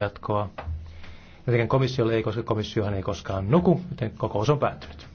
jatkoa. Jotenkin komissiolle ei, koska komissiohan ei koskaan nuku, joten kokous on päättynyt.